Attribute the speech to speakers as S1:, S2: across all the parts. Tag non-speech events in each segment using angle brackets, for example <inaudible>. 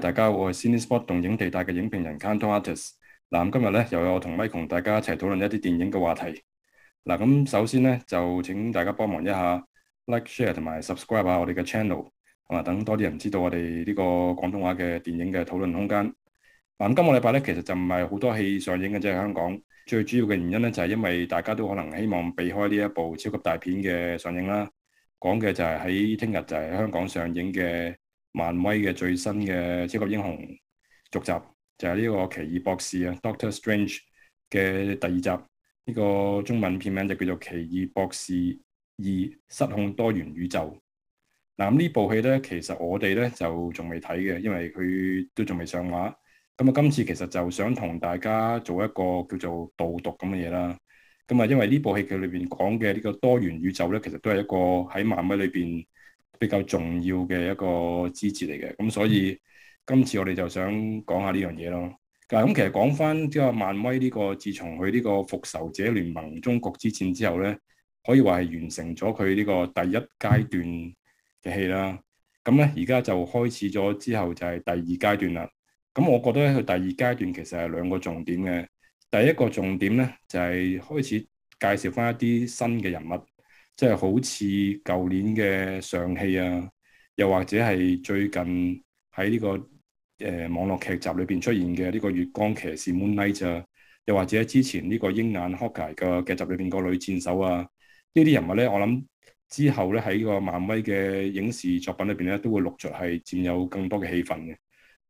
S1: 大家好，我係 CineSpot 動映地帶嘅影評人 Kantorates，嗱今日咧又有我同 Mike 同大家一齊討論一啲電影嘅話題。嗱咁首先咧就請大家幫忙一下 Like、Share 同埋 Subscribe 下我哋嘅 channel，同埋等多啲人知道我哋呢個廣東話嘅電影嘅討論空間。嗱今個禮拜咧其實就唔係好多戲上映嘅，即係香港最主要嘅原因咧就係因為大家都可能希望避開呢一部超級大片嘅上映啦。講嘅就係喺聽日就係香港上映嘅。漫威嘅最新嘅超級英雄續集就係呢個奇異博士啊，Doctor Strange 嘅第二集，呢個中文片名就叫做《奇異博士二：失控多元宇宙》。嗱呢部戲咧，其實我哋咧就仲未睇嘅，因為佢都仲未上畫。咁啊，今次其實就想同大家做一個叫做導讀咁嘅嘢啦。咁啊，因為呢部戲佢裏邊講嘅呢個多元宇宙咧，其實都係一個喺漫威裏邊。比較重要嘅一個支持嚟嘅，咁所以今次我哋就想講下呢樣嘢咯。咁其實講翻即係漫威呢個，自從佢呢個復仇者聯盟終局之戰之後咧，可以話係完成咗佢呢個第一階段嘅戲啦。咁咧而家就開始咗之後就係第二階段啦。咁我覺得佢第二階段其實係兩個重點嘅，第一個重點咧就係開始介紹翻一啲新嘅人物。即係好似舊年嘅尚氣啊，又或者係最近喺呢、這個誒、呃、網絡劇集裏邊出現嘅呢、這個月光騎士 Moon Knight 啊，又或者之前呢、這個鷹眼 Hawkeye 嘅劇集裏邊個女戰手啊，呢啲人物咧，我諗之後咧喺呢個漫威嘅影視作品裏邊咧，都會陸續係佔有更多嘅戲份嘅。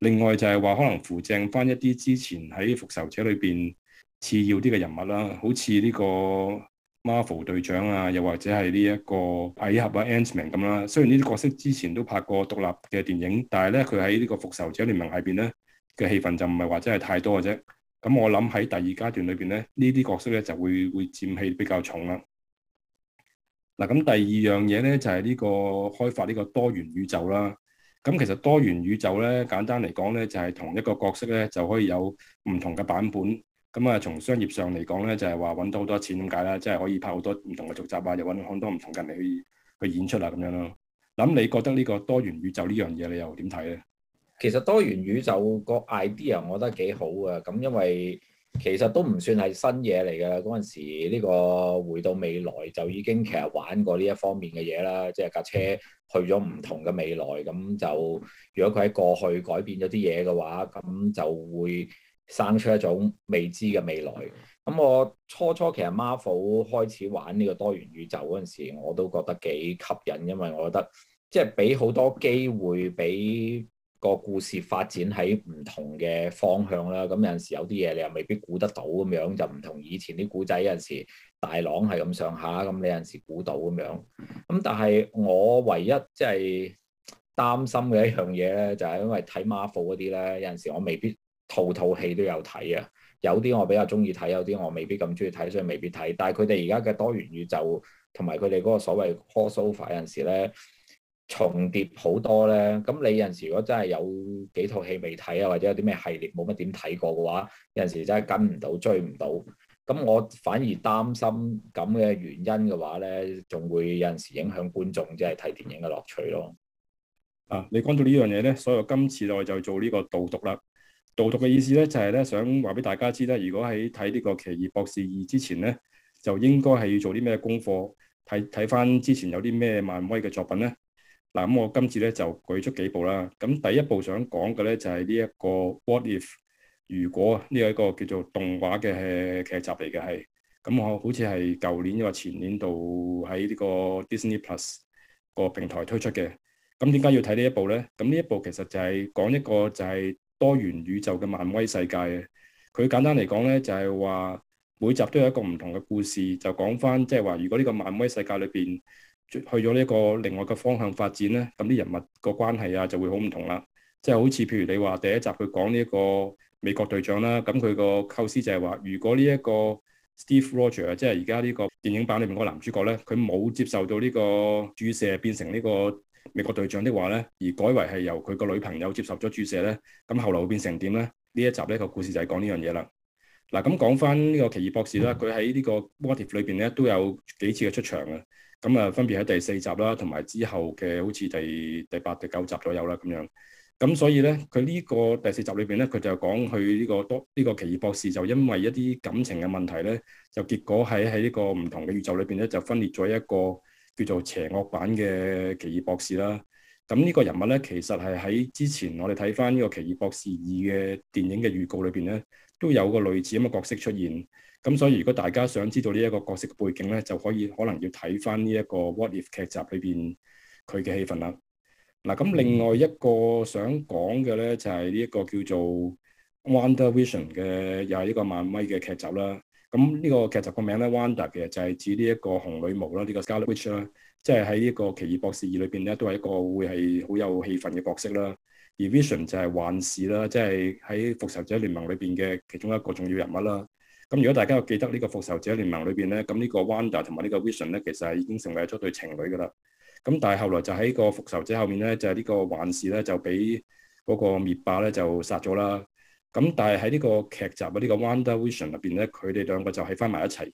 S1: 另外就係話可能扶正翻一啲之前喺復仇者裏邊次要啲嘅人物啦、啊，好似呢、這個，Marvel 隊長啊，又或者係呢一個蟻俠啊，Antman 咁啦。Man，雖然呢啲角色之前都拍過獨立嘅電影，但係咧佢喺呢個復仇者聯盟裏邊咧嘅戲份就唔係話真係太多嘅啫。咁我諗喺第二階段裏邊咧，呢啲角色咧就會會佔戲比較重啦。嗱，咁第二樣嘢咧就係、是、呢個開發呢個多元宇宙啦。咁其實多元宇宙咧，簡單嚟講咧，就係、是、同一個角色咧就可以有唔同嘅版本。咁啊、嗯，從商業上嚟講咧，就係話揾到好多錢咁解啦，即係可以拍好多唔同嘅續集啊，又揾好多唔同人嚟去去演出啊咁樣咯。咁你覺得呢個多元宇宙呢樣嘢，你又點睇咧？其實多元宇宙個 idea，我覺得幾
S2: 好啊。咁因為其實都唔算係新嘢嚟嘅。嗰陣時呢個回到未來就已經其實玩過呢一方面嘅嘢啦，即係架車去咗唔同嘅未來。咁就如果佢喺過去改變咗啲嘢嘅話，咁就會，生出一種未知嘅未來。咁我初初其實 Marvel 開始玩呢個多元宇宙嗰陣時，我都覺得幾吸引，因為我覺得即係俾好多機會俾個故事發展喺唔同嘅方向啦。咁有陣時有啲嘢你又未必估得到咁樣，就唔同以前啲古仔有陣時大朗係咁上下，咁你有陣時估到咁樣。咁但係我唯一即係擔心嘅一樣嘢咧，就係因為睇 Marvel 嗰啲咧，有陣時我未必套套戲都有睇啊，有啲我比較中意睇，有啲我未必咁中意睇，所以未必睇。但係佢哋而家嘅多元宇宙同埋佢哋嗰個所謂 crossover 有陣時咧，重疊好多咧。咁你有陣時如果真係有幾套戲未睇啊，或者有啲咩系列冇乜點睇過嘅話，有陣時真係跟唔到追唔到。咁我反而擔心咁嘅原因嘅話咧，仲會有陣時影響觀眾即係睇電影嘅樂趣咯。
S1: 啊，你講到呢樣嘢咧，所以我今次我就做呢個導讀啦。導讀嘅意思咧，就係咧想話俾大家知咧。如果喺睇呢個《奇異博士二》之前咧，就應該係要做啲咩功課？睇睇翻之前有啲咩漫威嘅作品咧。嗱，咁我今次咧就舉出幾部啦。咁第一部想講嘅咧就係呢一個《What If》？如果呢一個叫做動畫嘅劇集嚟嘅係。咁我好似係舊年或前年度喺呢個 Disney Plus 個平台推出嘅。咁點解要睇呢一部咧？咁呢一部其實就係講一個就係多元宇宙嘅漫威世界嘅，佢簡單嚟講咧，就係話每集都有一個唔同嘅故事，就講返，即係話，如果呢個漫威世界裏邊去咗呢一個另外嘅方向發展咧，咁啲人物個關係啊就會、就是、好唔同啦。即係好似譬如你話第一集佢講呢一個美國隊長啦，咁佢個構思就係話，如果呢一個 Steve Rogers 即係而家呢個電影版裏面嗰個男主角咧，佢冇接受到呢個注射變成呢、這個美國隊長的話咧，而改為係由佢個女朋友接受咗注射咧，咁後嚟會變成點咧？呢一集呢個故事就係講呢樣嘢啦。嗱，咁講翻呢個奇異博士啦，佢喺呢個《What If》裏邊咧都有幾次嘅出場啊。咁啊分別喺第四集啦，同埋之後嘅好似第第八、第九集左右啦咁樣。咁所以咧，佢呢個第四集裏邊咧，佢就講佢呢、呢個多呢、呢個奇異博士就因為一啲感情嘅問題咧，就結果喺喺呢個唔同嘅宇宙裏邊咧就分裂咗一個。叫做邪惡版嘅奇異博士啦，咁呢個人物咧，其實係喺之前我哋睇翻呢個奇異博士二嘅電影嘅預告裏邊咧，都有個類似咁嘅角色出現。咁所以如果大家想知道呢一個角色背景咧，就可以可能要睇翻呢一個 What If 劇集裏邊佢嘅戲份啦。嗱，咁另外一個想講嘅咧，就係呢一個叫做 WandaVision 嘅又係一個漫威嘅劇集啦。咁呢個劇集個名咧，Wanda 其實就係指呢一個紅女巫啦，呢、這個 Scarlet Witch 啦，即係喺呢個奇異博士二裏邊咧，都係一個會係好有氣氛嘅角色啦。而 Vision 就係幻視啦，即係喺復仇者聯盟裏邊嘅其中一個重要人物啦。咁如果大家又記得呢個復仇者聯盟裏邊咧，咁呢個 Wanda 同埋呢個 Vision 咧，其實係已經成為咗對情侶噶啦。咁但係後來就喺個復仇者後面咧，就係、是、呢個幻視咧，就俾嗰個滅霸咧就殺咗啦。咁但係喺呢個劇集啊，呢、這個 WandaVision 入邊咧，佢哋兩個就喺翻埋一齊。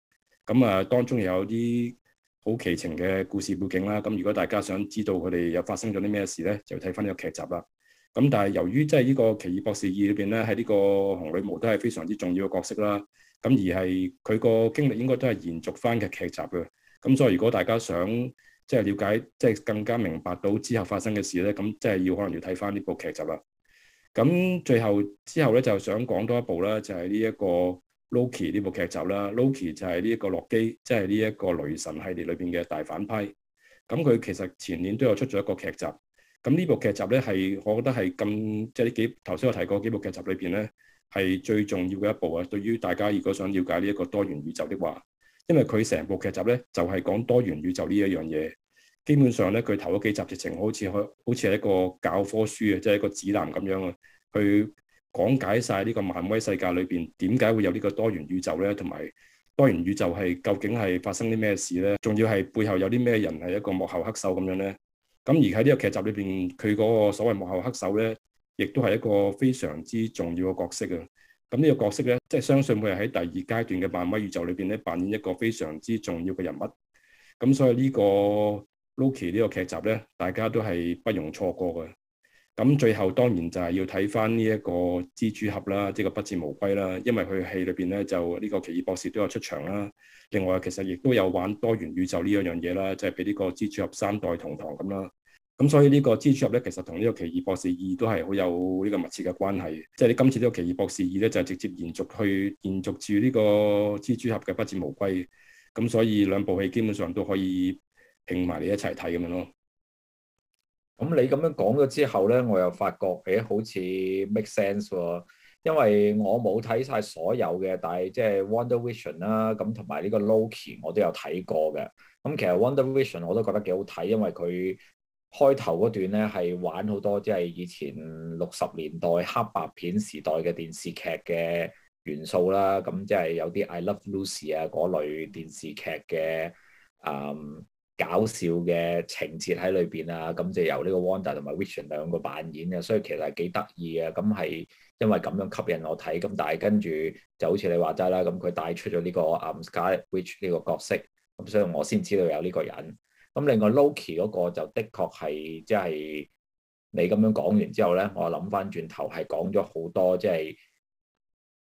S1: 咁啊，當中又有啲好奇情嘅故事背景啦。咁如果大家想知道佢哋有發生咗啲咩事咧，就睇翻呢個劇集啦。咁但係由於即係呢個奇異博士二裏邊咧，喺呢個紅女巫都係非常之重要嘅角色啦。咁而係佢個經歷應該都係延續翻嘅劇集嘅。咁所以如果大家想即係了解，即係更加明白到之後發生嘅事咧，咁即係要可能要睇翻呢部劇集啦。咁最後之後咧，就想講多一部啦，就係呢一個《Loki》呢部劇集啦。《Loki》就係呢一個洛基，即係呢一個雷神系列裏邊嘅大反派。咁佢其實前年都有出咗一個劇集。咁呢部劇集咧，係我覺得係咁，即係呢幾頭先我提過幾部劇集裏邊咧，係最重要嘅一部啊。對於大家如果想了解呢一個多元宇宙的話，因為佢成部劇集咧就係講多元宇宙呢一樣嘢。基本上咧，佢頭嗰幾集直情好似可，好似係一個教科書啊，即係一個指南咁樣啊，去講解晒呢個漫威世界裏邊點解會有呢個多元宇宙咧，同埋多元宇宙係究竟係發生啲咩事咧？仲要係背後有啲咩人係一個幕後黑手咁樣咧？咁而喺呢個劇集裏邊，佢嗰個所謂幕後黑手咧，亦都係一個非常之重要嘅角色啊！咁呢個角色咧，即係相信會係喺第二階段嘅漫威宇宙裏邊咧，扮演一個非常之重要嘅人物。咁所以呢個。《Loki》呢個劇集咧，大家都係不容錯過嘅。咁最後當然就係要睇翻呢一個蜘蛛俠啦，即個不戰無歸啦。因為佢戲裏邊呢，就呢個奇異博士都有出場啦。另外其實亦都有玩多元宇宙呢樣樣嘢啦，即係俾呢個蜘蛛俠三代同堂咁啦。咁所以呢個蜘蛛俠呢，其實同呢個奇異博士二都係好有呢個密切嘅關係。即係你今次呢個奇異博士二呢，就係直接延續去延續住呢個蜘蛛俠嘅不戰無歸。咁所以兩部戲基本上都可以。拼埋、嗯、你一齊睇咁樣咯。
S2: 咁你咁樣講咗之後咧，我又發覺誒，好似 make sense 喎。因為我冇睇晒所有嘅，但係即係 WandaVision 啦、啊，咁同埋呢個 Loki 我都有睇過嘅。咁其實 WandaVision 我都覺得幾好睇，因為佢開頭嗰段咧，係玩好多即係以前六十年代黑白片時代嘅電視劇嘅元素啦。咁即係有啲 I Love Lucy 啊嗰類電視劇嘅啊。嗯搞笑嘅情節喺裏邊啊，咁就由呢個 Wanda 同埋 Richard 兩個扮演嘅，所以其實係幾得意嘅。咁係因為咁樣吸引我睇，咁但係跟住就好似你話齋啦，咁佢帶出咗呢個 Scarlet Witch 呢個角色，咁所以我先知道有呢個人。咁另外 Loki 嗰個就的確係即係你咁樣講完之後咧，我諗翻轉頭係講咗好多，即係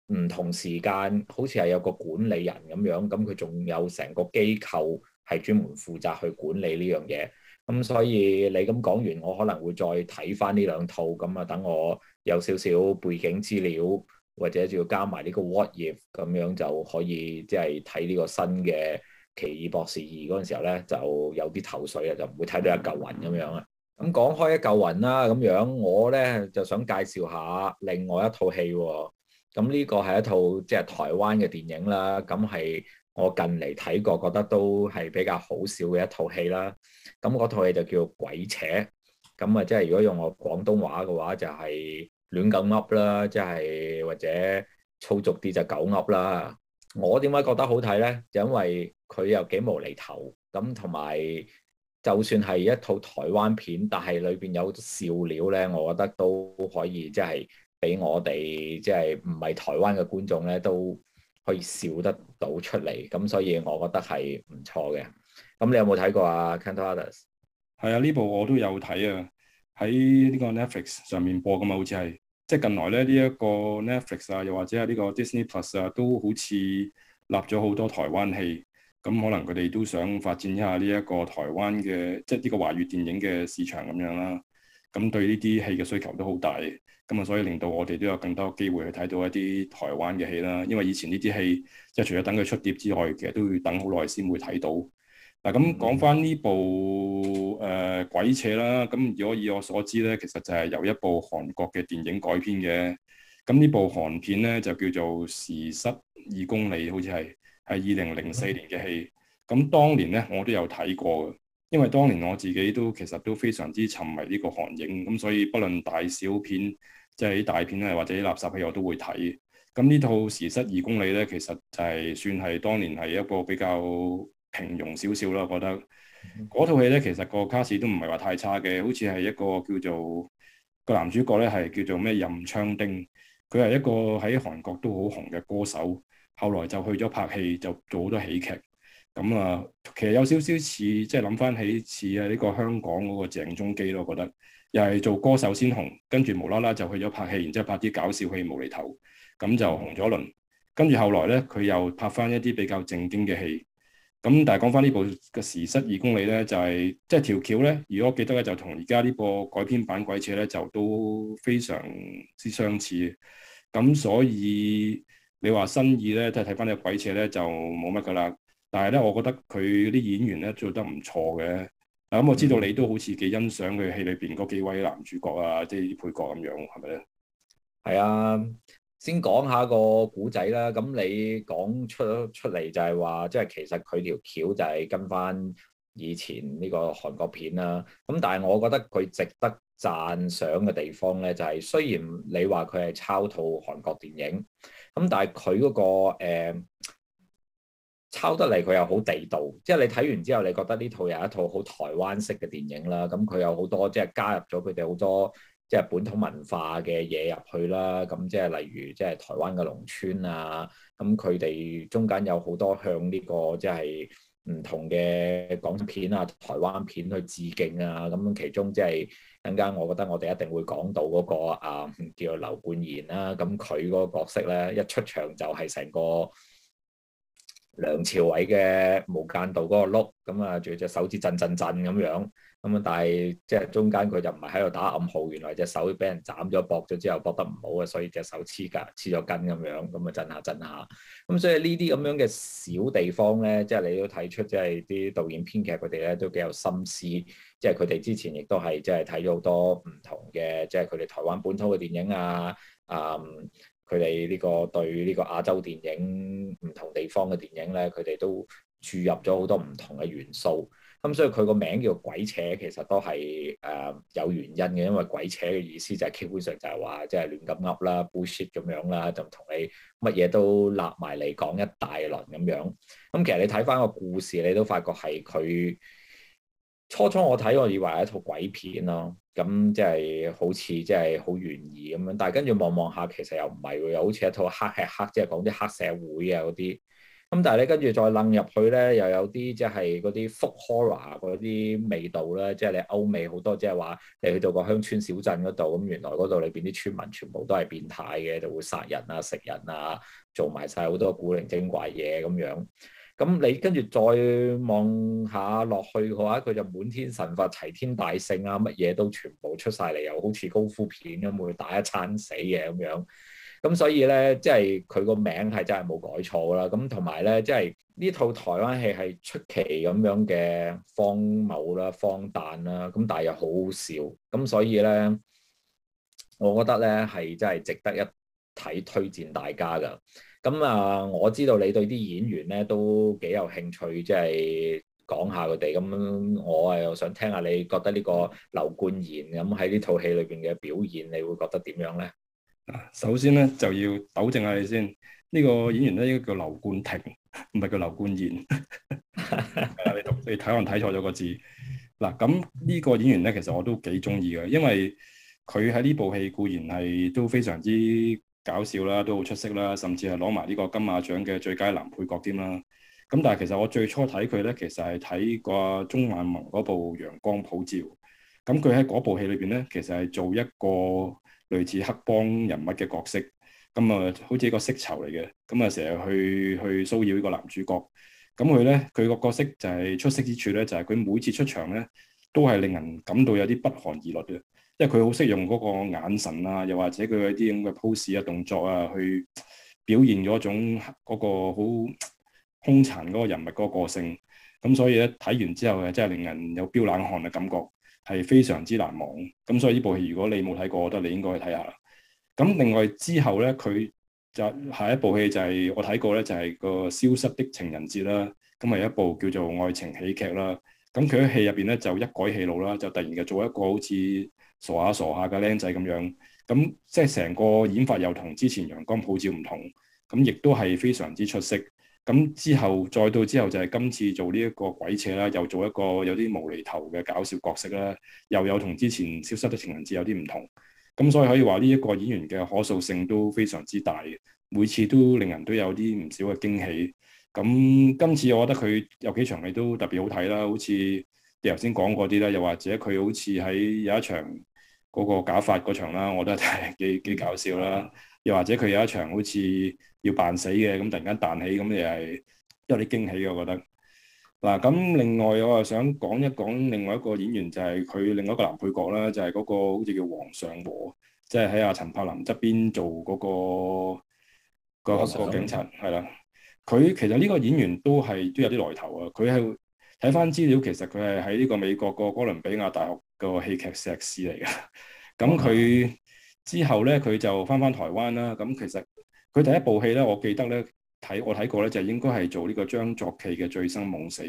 S2: 唔同時間，好似係有個管理人咁樣，咁佢仲有成個機構。係專門負責去管理呢樣嘢，咁所以你咁講完，我可能會再睇翻呢兩套，咁啊等我有少少背景資料，或者仲要加埋呢個 What If 咁樣就可以，即係睇呢個新嘅奇異博士二嗰陣時候咧，就有啲頭緒啊，就唔會睇到一嚿雲咁樣啊。咁講開一嚿雲啦，咁樣我咧就想介紹下另外一套戲喎，咁呢個係一套即係台灣嘅電影啦，咁係。我近嚟睇過，覺得都係比較好笑嘅一套戲啦。咁嗰套戲就叫《詭扯》，咁啊，即係如果用我廣東話嘅話，就係亂咁噏啦，即係或者粗俗啲就狗噏啦。我點解覺得好睇咧？就因為佢又幾無厘頭，咁同埋就算係一套台灣片，但係裏邊有笑料咧，我覺得都可以，即係俾我哋即係唔係台灣嘅觀眾咧都。可以笑得到出嚟，咁所以我覺得係唔錯
S1: 嘅。咁你有冇睇過啊？Counterparts？係啊，呢部我都有睇啊。喺呢個 Netflix 上面播噶嘛，好似係即係近來咧呢一個 Netflix 啊，又或者係呢個 Disney Plus 啊，都好似立咗好多台灣戲。咁可能佢哋都想發展一下呢一個台灣嘅，即係呢個華語電影嘅市場咁樣啦。咁對呢啲戲嘅需求都好大，咁啊所以令到我哋都有更多機會去睇到一啲台灣嘅戲啦。因為以前呢啲戲即係除咗等佢出碟之外，其實都要等好耐先會睇到。嗱、啊，咁講翻呢部誒、呃《詭扯》啦，咁如果以我所知咧，其實就係由一部韓國嘅電影改編嘅。咁呢部韓片咧就叫做《時失二公里》好，好似係係二零零四年嘅戲。咁當年咧我都有睇過嘅。因為當年我自己都其實都非常之沉迷呢個韓影，咁所以不論大小片，即係啲大片咧，或者垃圾戲我都會睇。咁呢套《時失二公里》呢，其實就係算係當年係一個比較平庸少少啦。我覺得嗰套、嗯、戲呢，其實個卡士都唔係話太差嘅，好似係一個叫做個男主角呢，係叫做咩任昌丁，佢係一個喺韓國都好紅嘅歌手，後來就去咗拍戲，就做好多喜劇。咁啊、嗯，其實有少少似，即係諗翻起似啊呢個香港嗰個鄭中基咯，我覺得又係做歌手先紅，跟住無啦啦就去咗拍戲，然之後拍啲搞笑戲無厘頭，咁就紅咗一輪。跟住後來咧，佢又拍翻一啲比較正經嘅戲。咁但係講翻呢部《個時失二公里》咧，就係、是、即係條橋咧。如果我記得咧，就同而家呢個改編版詭扯咧，就都非常之相似。咁所以你話新意咧，都係睇翻呢個詭扯咧，就冇乜噶啦。但係咧，我覺得佢啲演員咧，做得唔錯嘅。咁我知道你都好似幾欣賞佢戲裏邊嗰幾位男主角啊，即係配角咁樣，係咪咧？係啊，先講下個
S2: 古仔啦。咁你講出出嚟就係話，即係其實佢條橋就係跟翻以前呢個韓國片啦。咁但係我覺得佢值得讚賞嘅地方咧，就係雖然你話佢係抄套韓國電影，咁但係佢嗰個，呃抄得嚟佢又好地道，即係你睇完之後，你覺得呢套又係一套好台灣式嘅電影啦。咁佢有好多即係加入咗佢哋好多即係本土文化嘅嘢入去啦。咁即係例如即係台灣嘅農村啊，咁佢哋中間有好多向呢個即係唔同嘅港片啊、台灣片去致敬啊。咁其中即係，陣間，我覺得我哋一定會講到嗰個啊，叫做劉冠廷啦。咁佢嗰個角色咧，一出場就係成個。梁朝偉嘅無間道嗰個碌，咁啊，仲有隻手指震震震咁樣，咁啊，但係即係中間佢就唔係喺度打暗號，原來隻手俾人斬咗、駁咗之後駁得唔好呀，所以隻手黐㗎，黐咗筋咁樣，咁啊震下震下，咁所以呢啲咁樣嘅小地方咧，即係你都睇出，即係啲導演編劇佢哋咧都幾有心思，即係佢哋之前亦都係即係睇咗好多唔同嘅，即係佢哋台灣本土嘅電影啊，啊、嗯、～佢哋呢個對呢個亞洲電影唔同地方嘅電影咧，佢哋都注入咗好多唔同嘅元素。咁所以佢個名叫詭扯，其實都係誒、呃、有原因嘅，因為鬼扯嘅意思就係基本上就係話即係亂咁噏啦，bullshit 咁樣啦，就同、是、 <laughs> 你乜嘢都立埋嚟講一大輪咁樣。咁其實你睇翻個故事，你都發覺係佢初初我睇我以為係一套鬼片咯。咁即係好似即係好懸疑咁樣，但係跟住望望下，其實又唔係，又好似一套黑吃黑，即係講啲黑社會啊嗰啲。咁但係你跟住再楞入去咧，又有啲即係嗰啲 folk horror 嗰啲味道啦，即係你歐美好多，即係話你去到個鄉村小鎮嗰度，咁原來嗰度裏邊啲村民全部都係變態嘅，就會殺人啊、食人啊、做埋晒好多古靈精怪嘢咁樣。咁你跟住再望下落去嘅話，佢就滿天神佛、齊天大聖啊，乜嘢都全部出晒嚟，又好似功夫片咁會打一餐死嘅咁樣。咁所以咧，即係佢個名係真係冇改錯啦。咁同埋咧，即係呢套台灣戲係出奇咁樣嘅荒謬啦、荒誕啦，咁但係又好好笑。咁所以咧，我覺得咧係真係值得一睇，推薦大家噶。咁啊，嗯，我知道你對啲演員咧都幾有興趣，即係講下佢哋。咁，嗯、我啊又想聽下你覺得呢個劉冠賢咁喺呢套戲裏邊嘅表現，你會覺得點樣咧？
S1: 首先咧就要糾正下你先，呢個演員咧應該叫劉冠廷，唔係叫劉冠賢。係 <laughs> 啦， <laughs> 你讀你睇我睇錯咗個字。嗱，咁呢個演員咧其實我都幾中意嘅，因為佢喺呢部戲固然係都非常之。搞笑啦，都好出色啦，甚至係攞埋呢個金馬獎嘅最佳男配角添啦。咁但係其實我最初睇佢咧，其實係睇個鍾孟宏嗰部《陽光普照》。咁佢喺嗰部戲裏邊咧，其實係做一個類似黑幫人物嘅角色。咁啊，好似一個色囚嚟嘅。咁啊，成日去去騷擾呢個男主角。咁佢咧，佢個角色就係出色之處咧，就係、是、佢每次出場咧，都係令人感到有啲不寒而栗嘅。因為佢好識用嗰個眼神啊，又或者佢有啲咁嘅 pose 啊、動作啊，去表現咗種嗰個好兇殘嗰個人物嗰個性。咁所以咧，睇完之後啊，真係令人有飆冷汗嘅感覺，係非常之難忘。咁所以呢部戲如果你冇睇過，我覺得你應該去睇下。咁另外之後咧，佢就下一部戲就係我睇過咧，就係個《消失的情人節》啦。咁係一部叫做愛情喜劇啦。咁佢喺戲入邊咧就一改戲路啦，就突然就做一個好似。傻下傻下嘅僆仔咁樣，咁即係成個演法又同之前陽光普照唔同，咁亦都係非常之出色。咁之後再到之後就係今次做呢一個詭扯啦，又做一個有啲無厘頭嘅搞笑角色啦，又有同之前消失的情人節有啲唔同。咁所以可以話呢一個演員嘅可塑性都非常之大，每次都令人都有啲唔少嘅驚喜。咁今次我覺得佢有幾場戲都特別好睇啦，好似你頭先講嗰啲啦，又或者佢好似喺有一場，嗰個假髮嗰場啦，我都係睇幾幾搞笑啦。嗯、又或者佢有一場好似要扮死嘅，咁突然間彈起，咁又係，都有啲驚喜嘅。我覺得嗱，咁、啊、另外我又想講一講另外一個演員，就係、是、佢另外一個男配角啦，就係、是、嗰個好似叫黃尚和，即係喺阿陳柏霖側邊做嗰、那個個個警察，係啦。佢其實呢個演員都係都有啲來頭啊。佢係睇返資料，其實佢係喺呢個美國個哥倫比亞大學。個戲劇石獅嚟噶，咁 <laughs> 佢之後咧，佢就翻翻台灣啦。咁其實佢第一部戲咧，我記得咧睇我睇過咧，就是、應該係做呢個張作期嘅《醉生夢死》。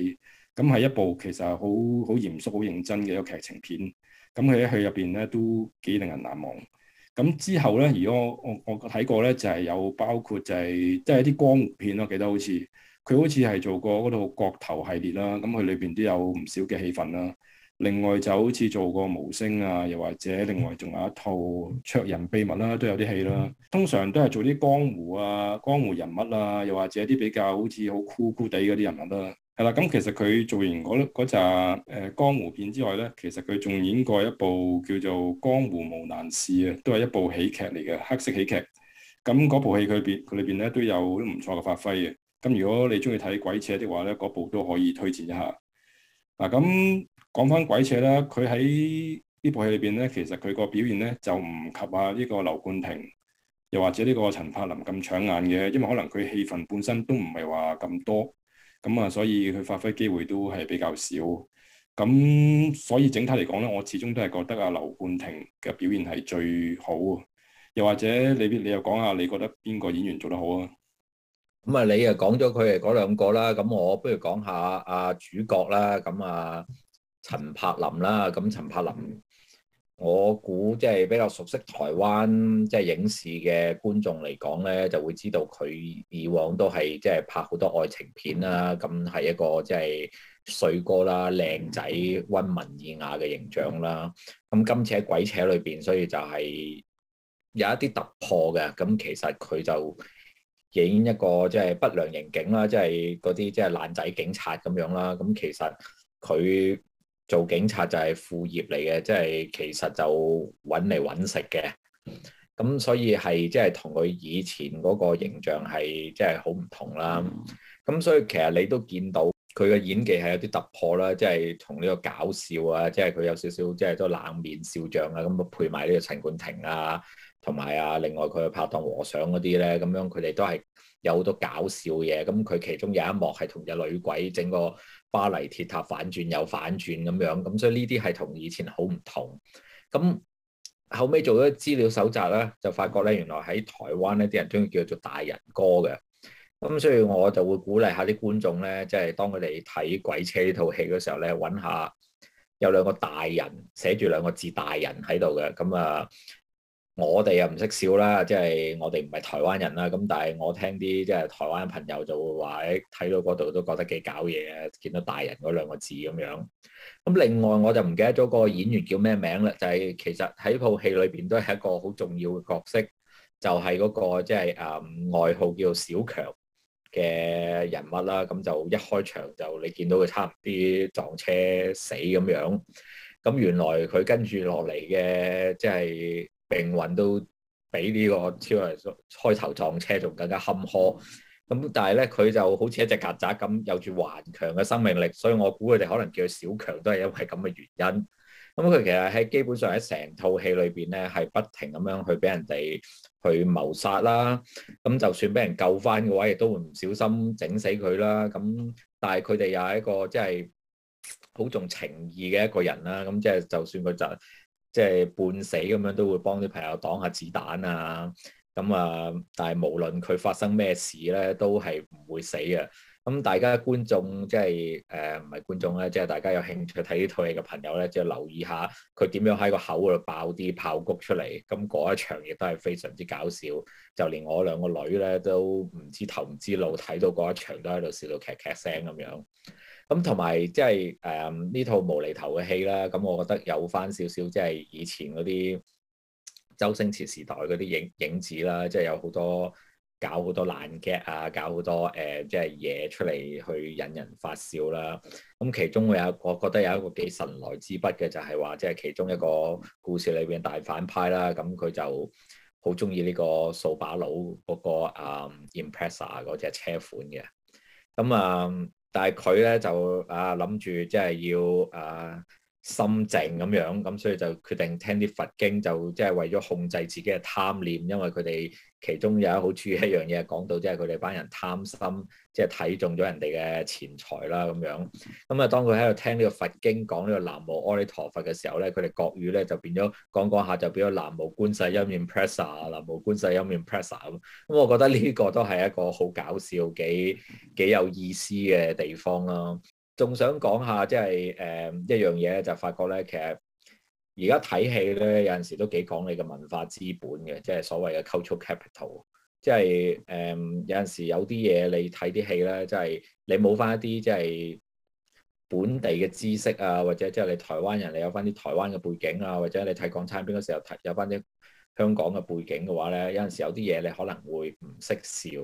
S1: 咁係一部其實好好嚴肅、好認真嘅一個劇情片。咁佢喺入邊咧都幾令人難忘。咁之後咧，如果我我我睇過咧，就係、是、有包括就係即係啲江湖片咯，我記得好似佢好似係做過嗰套《國頭》系列啦。咁佢裏邊都有唔少嘅戲份啦。另外就好似做過無聲啊，又或者另外仲有一套《卓人秘密》啊啦，都有啲戲啦。通常都係做啲江湖啊、江湖人物啊，又或者啲比較好似好酷酷地嗰啲人物啦啊。係啦，咁其實佢做完嗰嗰扎誒江湖片之外呢，其實佢仲演過一部叫做《江湖無難事》啊，都係一部喜劇嚟嘅黑色喜劇。咁嗰部戲佢邊佢裏邊咧都有啲唔錯嘅發揮嘅啊。咁如果你中意睇鬼扯的話呢，嗰部都可以推薦一下。嗱咁。講翻詭扯啦！佢喺呢部戲裏邊咧，其實佢個表現咧就唔及啊呢個劉冠廷，又或者呢個陳柏霖咁搶眼嘅，因為可能佢戲份本身都唔係話咁多，咁啊，所以佢發揮機會都係比較少。咁所以整體嚟講咧，我始終都係覺得啊劉冠廷嘅表現係最好。啊。又或者你你又講下你覺得邊個演員做得好啊？咁啊，你又講咗佢哋嗰兩個啦，咁我不如講下啊主
S2: 角啦，咁啊～陳柏霖啦，咁陳柏霖，我估即係比較熟悉台灣即係、就是、影視嘅觀眾嚟講咧，就會知道佢以往都係即係拍好多愛情片啦，咁係一個即係帥哥啦、靚仔、溫文爾雅嘅形象啦。咁今次喺詭扯裏邊，所以就係有一啲突破嘅。咁其實佢就影一個即係不良刑警啦，即係嗰啲即係爛仔警察咁樣啦。咁其實佢。做警察就係副業嚟嘅，即係其實就揾嚟揾食嘅，咁所以係即係同佢以前嗰個形象係即係好唔同啦。咁所以其實你都見到佢嘅演技係有啲突破啦，即係同呢個搞笑啊，即係佢有少少即係都冷面笑匠啊，咁配埋呢個陳冠廷啊，同埋啊另外佢嘅拍檔和尚嗰啲咧，咁樣佢哋都係。有好多搞笑嘢，咁佢其中有一幕係同隻女鬼整個巴黎鐵塔反轉，又反轉咁樣，咁所以呢啲係同以前好唔同。咁後尾做咗資料搜集咧，就發覺咧原來喺台灣咧啲人中意叫做大人歌嘅。咁所以我就會鼓勵下啲觀眾咧，即係當佢哋睇《鬼車》呢套戲嘅時候咧，揾下有兩個大人寫住兩個字大人喺度嘅，咁啊～我哋又唔識笑啦，即係我哋唔係台灣人啦。咁但係我聽啲即係台灣朋友就會話，誒睇到嗰度都覺得幾搞嘢，見到大人嗰兩個字咁樣。咁另外我就唔記得咗個演員叫咩名啦。就係其實喺套戲裏邊都係一個好重要嘅角色，就係嗰個即係誒外號叫小強嘅人物啦。咁就一開場就你見到佢差啲撞車死咁樣。咁原來佢跟住落嚟嘅即係。就是命運都比呢個超人開頭撞車仲更加坎坷，咁但係咧佢就好似一隻曱甴咁，有住頑強嘅生命力，所以我估佢哋可能叫小強都係因為咁嘅原因。咁佢其實喺基本上喺成套戲裏邊咧，係不停咁樣去俾人哋去謀殺啦。咁就算俾人救翻嘅話，亦都會唔小心整死佢啦。咁但係佢哋又係一個即係好重情義嘅一個人啦。咁即係就算佢就即係半死咁樣都會幫啲朋友擋下子彈啊！咁啊，但係無論佢發生咩事咧，都係唔會死嘅。咁大家觀眾即係誒唔係觀眾咧，即係大家有興趣睇呢套戲嘅朋友咧，即係留意下佢點樣喺個口嗰度爆啲炮谷出嚟。咁嗰一場亦都係非常之搞笑，就連我兩個女咧都唔知頭唔知路睇到嗰一場都喺度笑到劇劇聲咁樣。咁同埋即係誒呢套無厘頭嘅戲啦，咁、嗯、我覺得有翻少少即係以前嗰啲周星馳時代嗰啲影影子啦，即係有好多搞好多爛 gag 啊，搞好多誒、呃、即係嘢出嚟去引人發笑啦。咁、嗯、其中會有我覺得有一個幾神來之筆嘅，就係、是、話即係其中一個故事裏邊大反派啦，咁、嗯、佢就好中意呢個掃把佬嗰、那個、嗯、impressor 嗰隻車款嘅，咁、嗯、啊。嗯但係，佢咧就啊諗住即係要啊。心靜咁樣，咁所以就決定聽啲佛經，就即係為咗控制自己嘅貪念。因為佢哋其中有一好處一樣嘢，講到即係佢哋班人貪心，即係睇中咗人哋嘅錢財啦咁樣。咁、嗯、啊，當佢喺度聽呢個佛經講呢個南無阿彌陀佛嘅時候咧，佢哋國語咧就變咗講講下就變咗南無觀世音 Impressor 南無觀世音 Impressor 咁。咁、嗯嗯、我覺得呢個都係一個好搞笑、幾幾有意思嘅地方啦。仲想講下即係誒一樣嘢咧，就發覺咧，其實而家睇戲咧，有陣時都幾講你嘅文化資本嘅，即係所謂嘅 cultural capital。即係誒有陣時有啲嘢你睇啲戲咧，即係你冇翻一啲即係本地嘅知識啊，或者即係你台灣人你有翻啲台灣嘅背景啊，或者你睇港產片嗰時候睇有翻啲香港嘅背景嘅話咧，有陣時有啲嘢你可能會唔識笑，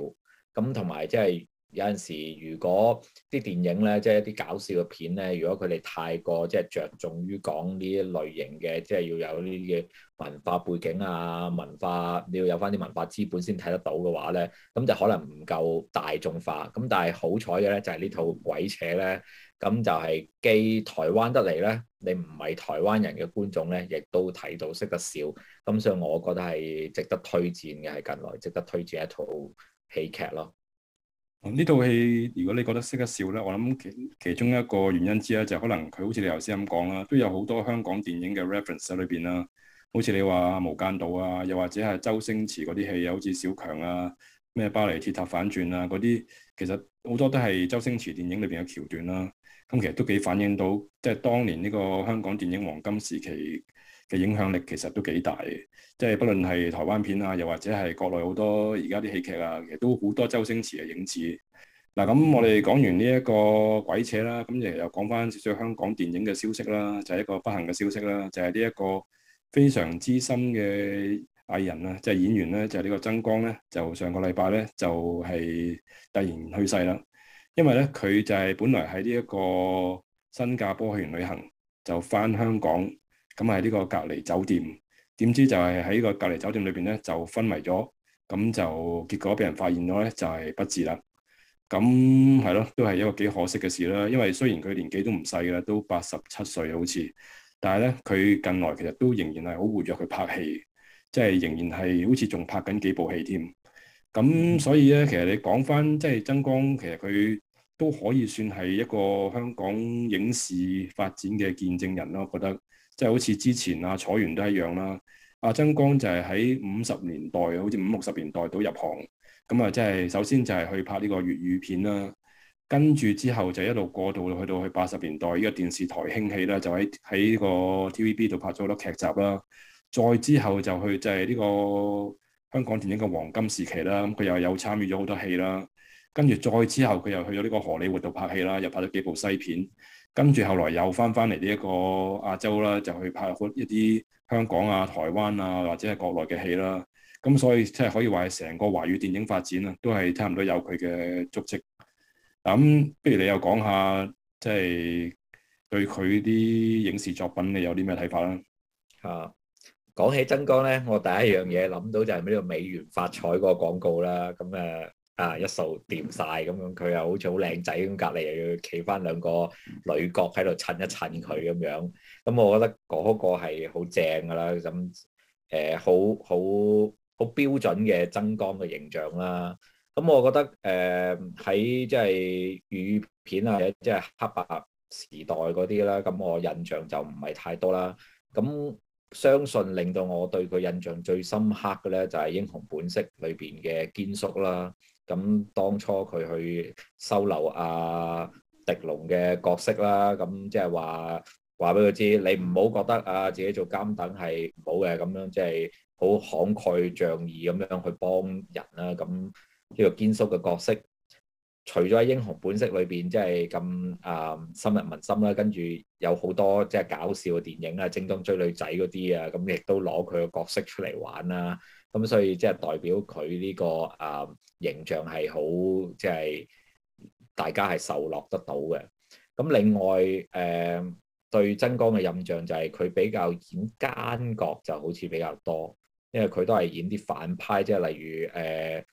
S2: 咁同埋即係。有陣時如，如果啲電影咧，即係一啲搞笑嘅片咧，如果佢哋太過即係着重於講呢一類型嘅，即係要有呢啲嘅文化背景啊、文化，你要有翻啲文化資本先睇得到嘅話咧，咁就可能唔夠大眾化。咁但係好彩嘅咧，就係呢套詭扯咧，咁就係寄台灣得嚟咧。你唔係台灣人嘅觀眾咧，亦都睇到識得笑。咁所以，我覺得係值得推薦嘅，係近來值得推薦一套喜
S1: 劇咯。呢套戲如果你覺得識得笑咧，我諗其其中一個原因之一，就係可能佢好似你頭先咁講啦，都有好多香港電影嘅 reference 喺裏邊啦。好似你話無間道啊，又或者係周星馳嗰啲戲，又好似小強啊、咩巴黎鐵塔反轉啊嗰啲，其實好多都係周星馳電影裏邊嘅橋段啦、啊。咁其實都幾反映到，即係當年呢個香港電影黃金時期嘅影響力其實都幾大嘅。即係，不論係台灣片啊，又或者係國內好多而家啲戲劇啊，其實都好多周星馳嘅影子。嗱，咁我哋講完呢一個鬼扯啦，咁亦又講翻少少香港電影嘅消息啦，就係一個不幸嘅消息啦，就係呢一個非常之深嘅藝人啊，即係演員咧，就呢個曾江咧，就上個禮拜咧就係突然去世啦。因為咧，佢就係本來喺呢一個新加坡去完旅行，就翻香港，咁喺呢個隔離酒店。點知就係喺個隔離酒店裏邊咧就昏迷咗，咁就結果俾人發現咗咧就係、是、不治啦。咁係咯，都係一個幾可惜嘅事啦。因為雖然佢年紀都唔細㗎喇，都八十七歲好似，但係咧佢近來其實都仍然係好活躍，佢拍戲，即係仍然係好似仲拍緊幾部戲添。咁所以咧，其實你講翻即係曾江，其實佢都可以算係一個香港影視發展嘅見證人咯，我覺得。即係好似之前啊，楚原都一樣啦、啊。阿曾江就係喺五十年代，好似五六十年代到入行，咁啊，即係首先就係去拍呢個粵語片啦。跟住之後就一路過渡到去到去八十年代，呢、這個電視台興起啦，就喺喺呢個 TVB 度拍咗好多劇集啦。再之後就去就係呢個香港電影嘅黃金時期啦。咁佢又有參與咗好多戲啦。跟住再之後佢又去咗呢個荷里活度拍戲啦，又拍咗幾部西片。跟住後來又翻翻嚟呢一個亞洲啦，就去拍一啲香港啊、台灣啊或者係國內嘅戲啦。咁所以即係可以話係成個華語電影發展啊，都係差唔多有佢嘅足跡。咁不如你又講下，即係對佢啲影視作品你有啲咩睇法啦？啊，講
S2: 起曾江咧，我第一樣嘢諗到就係呢個美元發彩個廣告啦。咁誒。啊！一掃掂晒咁樣，佢又好似好靚仔咁，隔籬又要企翻兩個女角喺度襯一襯佢咁樣。咁、嗯、我覺得嗰個係好正噶啦，咁誒、呃、好好好標準嘅曾江嘅形象啦。咁、嗯、我覺得誒喺即係粵語片啊，即、就、係、是、黑白時代嗰啲啦，咁、嗯、我印象就唔係太多啦。咁、嗯、相信令到我對佢印象最深刻嘅咧，就係、是《英雄本色》裏邊嘅堅叔啦。咁當初佢去收留阿、啊、狄龍嘅角色啦，咁即係話話俾佢知，你唔好覺得啊自己做監等係唔好嘅，咁樣即係好慷慨仗義咁樣去幫人啦、啊。咁呢個堅叔嘅角色，除咗喺英雄本色裏邊即係咁啊深入民心啦，跟住有好多即係搞笑嘅電影啊，精裝追女仔嗰啲啊，咁亦都攞佢嘅角色出嚟玩啦、啊。咁所以即係代表佢呢、這個啊、uh, 形象係好即係大家係受落得到嘅。咁另外誒、uh, 對曾江嘅印象就係佢比較演奸角就好似比較多，因為佢都係演啲反派，即、就、係、是、例如誒、uh,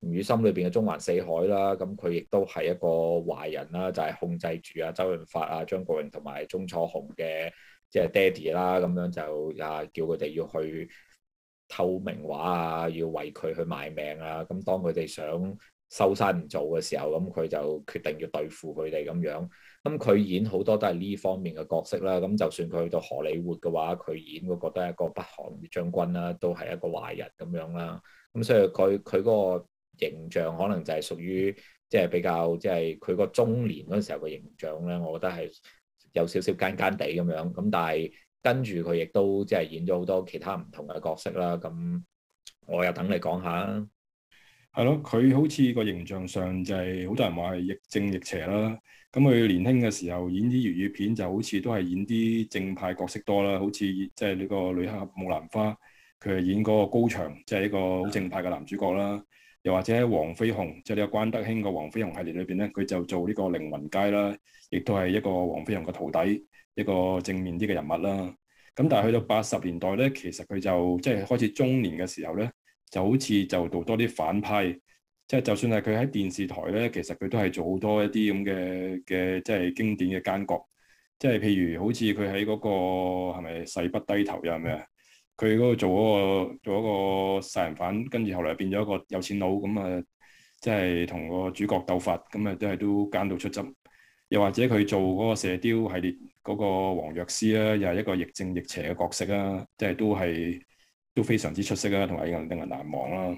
S2: 吳宇森裏邊嘅《縱橫四海》啦，咁佢亦都係一個壞人啦，就係、是、控制住啊周潤發啊張國榮同埋鍾楚紅嘅即係爹哋啦，咁、就是、樣就啊叫佢哋要去。透明話啊，要為佢去賣命啊！咁當佢哋想收山唔做嘅時候，咁佢就決定要對付佢哋咁樣。咁佢演好多都係呢方面嘅角色啦。咁就算佢去到荷里活嘅話，佢演嘅覺得係一個北韓將軍啦，都係一個壞人咁樣啦。咁所以佢佢嗰個形象可能就係屬於即係比較即係佢個中年嗰時候嘅形象咧，我覺得係有少少奸奸地咁樣。咁但係，跟住佢亦都即係演咗好多其他唔
S1: 同嘅角色啦，咁我又等你講下啊。係咯，佢好似個形象上就係、是、好多人話係亦正亦邪啦。咁佢年輕嘅時候演啲粵語片就好似都係演啲正派角色多啦，好似即係呢個《女俠木蘭花》，佢係演嗰個高翔，即、就、係、是、一個好正派嘅男主角啦。又或者鴻《黃飛鴻》，即係呢個關德興個《黃飛鴻》系列裏邊咧，佢就做呢個凌雲階啦，亦都係一個黃飛鴻嘅徒弟。一個正面啲嘅人物啦，咁但係去到八十年代咧，其實佢就即係開始中年嘅時候咧，就好似就做多啲反派，即係就算係佢喺電視台咧，其實佢都係做好多一啲咁嘅嘅即係經典嘅奸角，即係譬如好似佢喺嗰個係咪誓不低頭又係咩啊？佢嗰度做一個做一個殺人犯，跟住後嚟變咗一個有錢佬咁啊，即係同個主角鬥法，咁啊都係都奸到出汁。又或者佢做嗰個射雕系列嗰個黃藥師啊，又係一個亦正亦邪嘅角色啊，即係都係都非常之出色啊，同埋令人難忘啦、啊。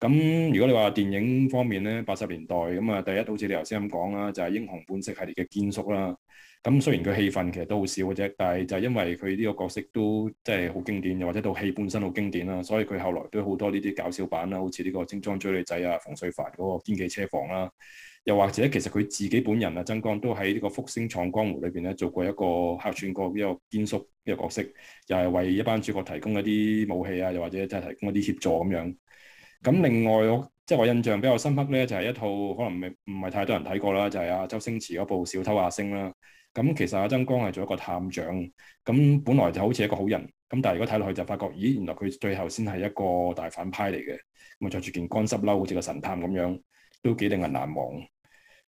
S1: 咁如果你話電影方面咧，八十年代咁啊，第一好似你頭先咁講啦，就係、是、英雄本色系列嘅堅叔啦。咁雖然佢戲份其實都好少嘅、啊、啫，但係就係因為佢呢個角色都即係好經典，又或者套戲本身好經典啦、啊，所以佢後來都好多呢啲搞笑版啦、啊，好似呢個《精裝追女仔》啊，《馮淬帆》嗰個《堅記車房、啊》啦。又或者其實佢自己本人啊，曾江都喺呢個《福星闖江湖》裏邊咧，做過一個客串過一個堅叔一個角色，又係為一班主角提供一啲武器啊，又或者即係提供一啲協助咁樣。咁另外我即係話印象比較深刻咧，就係一套可能唔唔係太多人睇過啦，就係阿周星馳嗰部《小偷阿星》啦。咁其實阿曾江係做一個探長，咁本來就好似一個好人，咁但係如果睇落去就發覺，咦，原來佢最後先係一個大反派嚟嘅，咪著住件乾濕褸好似個神探咁樣，都幾令人難忘。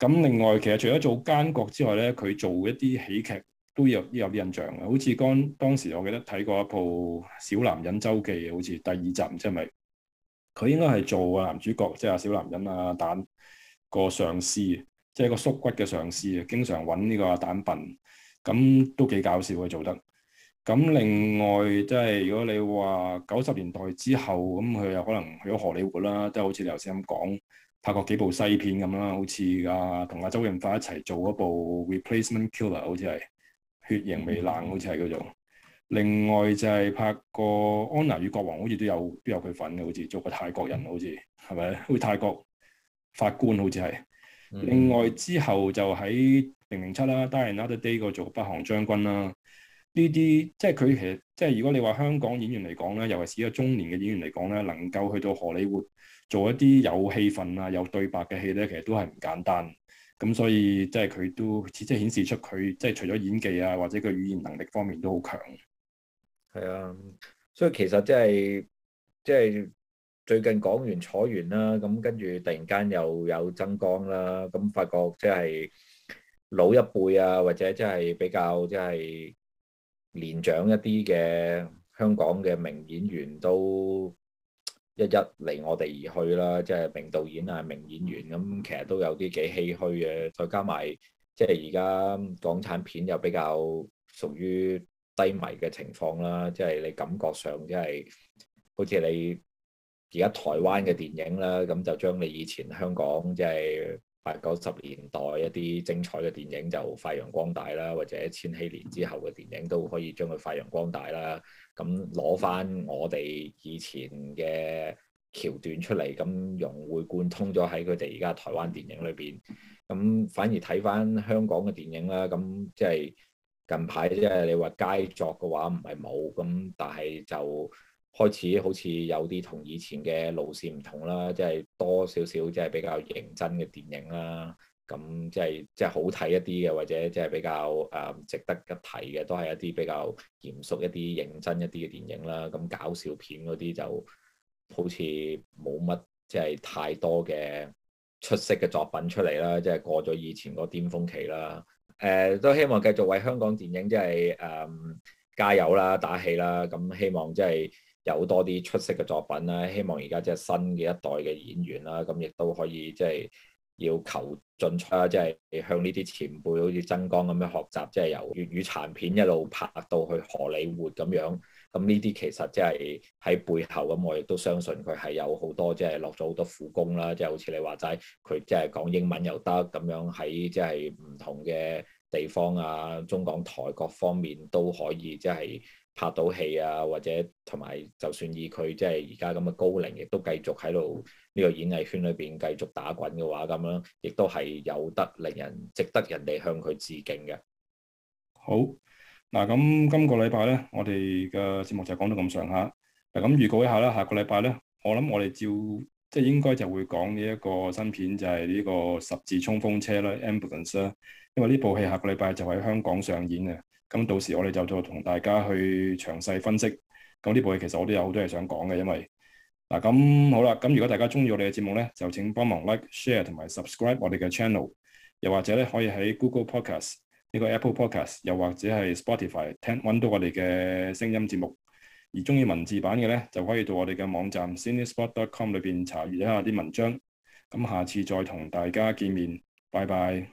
S1: 咁另外，其實除咗做奸角之外咧，佢做一啲喜劇都有都有啲印象嘅，好似剛當時我記得睇過一部《小男人周記》，好似第二集，即係咪佢應該係做啊男主角，即係小男人啊蛋個上司，即係個縮骨嘅上司啊，經常揾呢個蛋笨，咁都幾搞笑嘅做得。咁另外，即係如果你話九十年代之後，咁佢又可能去咗荷里活啦，即係好似你頭先咁講。拍過幾部西片咁啦，好似啊同阿周潤發一齊做嗰部 re killer，《Replacement Killer》好似係血型未冷，好似係嗰種。嗯、另外就係拍過《安娜、嗯、與國王》好，好似都有都有佢份嘅，好似做過泰國人，好似係咪？好似泰國法官好似係。嗯、
S2: 另外
S1: 之後就喺、啊《零零七》啦，《Die Another Day》個做北韓將軍啦。呢啲即係佢其實即係、就是、如果你話香港演員嚟講咧，尤其是一個中年嘅演員嚟講咧，能夠去到荷里活。做一啲有戲份啊、有對白嘅戲呢，其實都係唔簡單。咁所以即係佢都即係顯示出佢即係除咗演技啊，或者佢語言能力方面都好強。係啊，所以其實
S2: 即係即係最近講完楚原啦、啊，咁跟住突然間又有曾江啦、啊，咁發覺即係老一輩啊，或者即係比較即係年長一啲嘅香港嘅名演員都一一離我哋而去啦，即係名導演啊、名演員咁，其實都有啲幾唏噓嘅。再加埋即係而家港產片又比較屬於低迷嘅情況啦，即係你感覺上即係好似你而家台灣嘅電影啦，咁就將你以前香港即係八九十年代一啲精彩嘅電影就發揚光大啦，或者千禧年之後嘅電影都可以將佢發揚光大啦。咁攞翻我哋以前嘅橋段出嚟，咁融會貫通咗喺佢哋而家台灣電影裏邊，咁反而睇翻香港嘅電影啦，咁即係近排即係你話佳作嘅話唔係冇，咁但係就開始好似有啲同以前嘅路線唔同啦，即係多少少即係比較認真嘅電影啦。咁即係即係好睇一啲嘅，或者即係比較誒、呃、值得一睇嘅，都係一啲比較嚴肅一啲、認真一啲嘅電影啦。咁搞笑片嗰啲就好似冇乜即係太多嘅出色嘅作品出嚟啦。即係過咗以前個巔峰期啦。誒、呃、都希望繼續為香港電影即係誒加油啦、打氣啦。咁、嗯、希望即係有多啲出色嘅作品啦。希望而家即係新嘅一代嘅演員啦，咁亦都可以即係。要求進取啦，即係向呢啲前輩，好似曾江咁樣學習，即係由粵語殘片一路拍到去荷里活咁樣。咁呢啲其實即係喺背後咁，我亦都相信佢係有好多即係落咗好多苦功啦。即係好似你話齋，佢即係講英文又得咁樣喺即係唔同嘅地方啊，中港台各方面都可以即係。拍到戲啊，或者同埋就算以佢即係而家咁嘅高齡，亦都繼續喺度呢個演藝圈裏邊繼續打滾嘅話，咁樣亦都係有得令人值得人哋向佢致敬嘅。
S1: 好，嗱咁今個禮拜咧，我哋嘅節目就講到咁上下。嗱咁預告一下啦，下個禮拜咧，我諗我哋照即係應該就會講呢一個新片就係呢個十字衝鋒車啦，Ambulance 啦。因為呢部戲下個禮拜就喺香港上演嘅。咁到時我哋就再同大家去詳細分析。咁呢部戲其實我都有好多嘢想講嘅，因為嗱咁好啦。咁如果大家中意我哋嘅節目咧，就請幫忙 like、share 同埋 subscribe 我哋嘅 channel。又或者咧，可以喺 Google Podcast 呢個 Apple Podcast，又或者係 Spotify 聽到我哋嘅聲音節目。而中意文字版嘅咧，就可以到我哋嘅網站 Cinespot.com 裏邊查閲一下啲文章。咁下次再同大家見面，拜拜。